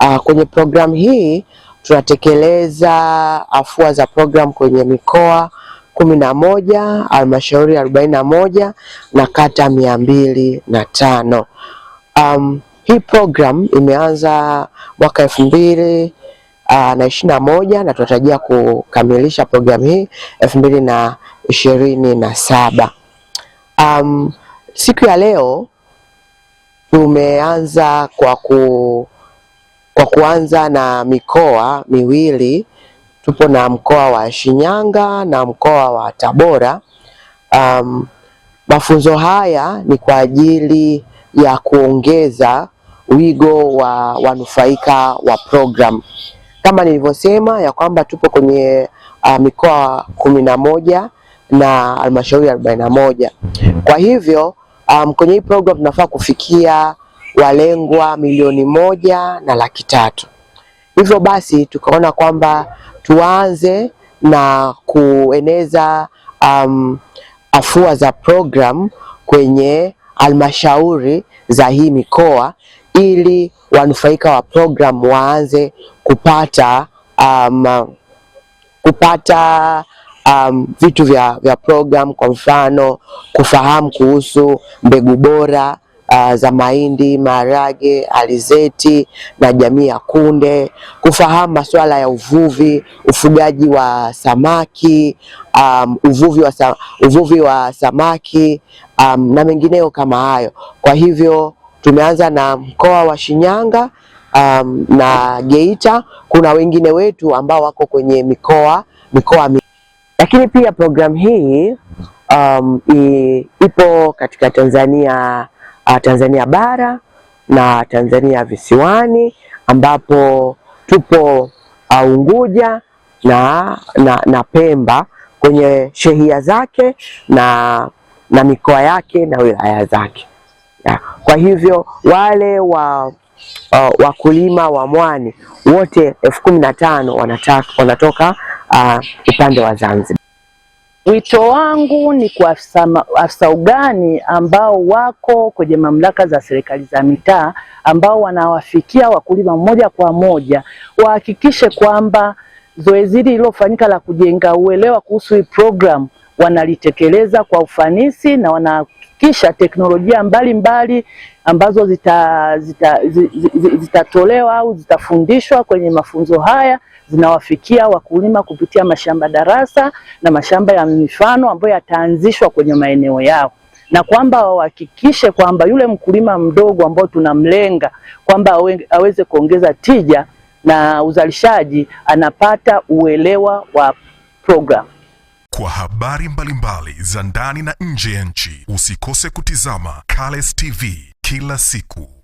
Uh, kwenye programu hii tunatekeleza afua za programu kwenye mikoa kumi na moja, halmashauri arobaini na moja na kata mia mbili na tano. Um, hii programu imeanza mwaka elfu mbili uh, na ishirini na moja na tunatarajia kukamilisha programu hii elfu mbili na ishirini na saba. Um, siku ya leo tumeanza kwa, ku, kwa kuanza na mikoa miwili. Tupo na mkoa wa Shinyanga na mkoa wa Tabora. Um, mafunzo haya ni kwa ajili ya kuongeza wigo wa wanufaika wa program kama nilivyosema ya kwamba tupo kwenye uh, mikoa kumi na moja na halmashauri arobaini na moja. Kwa hivyo um, kwenye hii program tunafaa kufikia walengwa milioni moja na laki tatu. Hivyo basi tukaona kwamba tuanze na kueneza um, afua za program kwenye halmashauri za hii mikoa ili wanufaika wa program waanze kupata um, kupata um, vitu vya, vya program kwa mfano kufahamu kuhusu mbegu bora Uh, za mahindi, maharage, alizeti na jamii ya kunde, kufahamu masuala ya uvuvi, ufugaji wa samaki um, uvuvi wa sa uvuvi wa samaki um, na mengineo kama hayo. Kwa hivyo tumeanza na mkoa wa Shinyanga um, na Geita. Kuna wengine wetu ambao wako kwenye mikoa mikoa lakini pia programu hii um, i, ipo katika Tanzania uh, Tanzania bara na Tanzania visiwani ambapo tupo uh, Unguja na, na, na Pemba kwenye shehia zake na, na mikoa yake na wilaya zake. Kwa hivyo wale wa uh, wakulima wa mwani wote elfu kumi na tano wanatoka uh, upande wa Zanzibar. Wito wangu ni kwa afisa, afisa ugani ambao wako kwenye mamlaka za serikali za mitaa ambao wanawafikia wakulima moja kwa moja wahakikishe kwamba zoezi hili lililofanyika la kujenga uelewa kuhusu hii wanalitekeleza kwa ufanisi na wana kufikisha teknolojia mbalimbali mbali, ambazo zitatolewa zita, zita au zitafundishwa kwenye mafunzo haya zinawafikia wakulima kupitia mashamba darasa na mashamba ya mifano ambayo yataanzishwa kwenye maeneo yao na kwamba wahakikishe kwamba yule mkulima mdogo ambao tunamlenga kwamba aweze kuongeza tija na uzalishaji anapata uelewa wa program. Kwa habari mbalimbali za ndani na nje ya nchi, usikose kutizama Cales TV kila siku.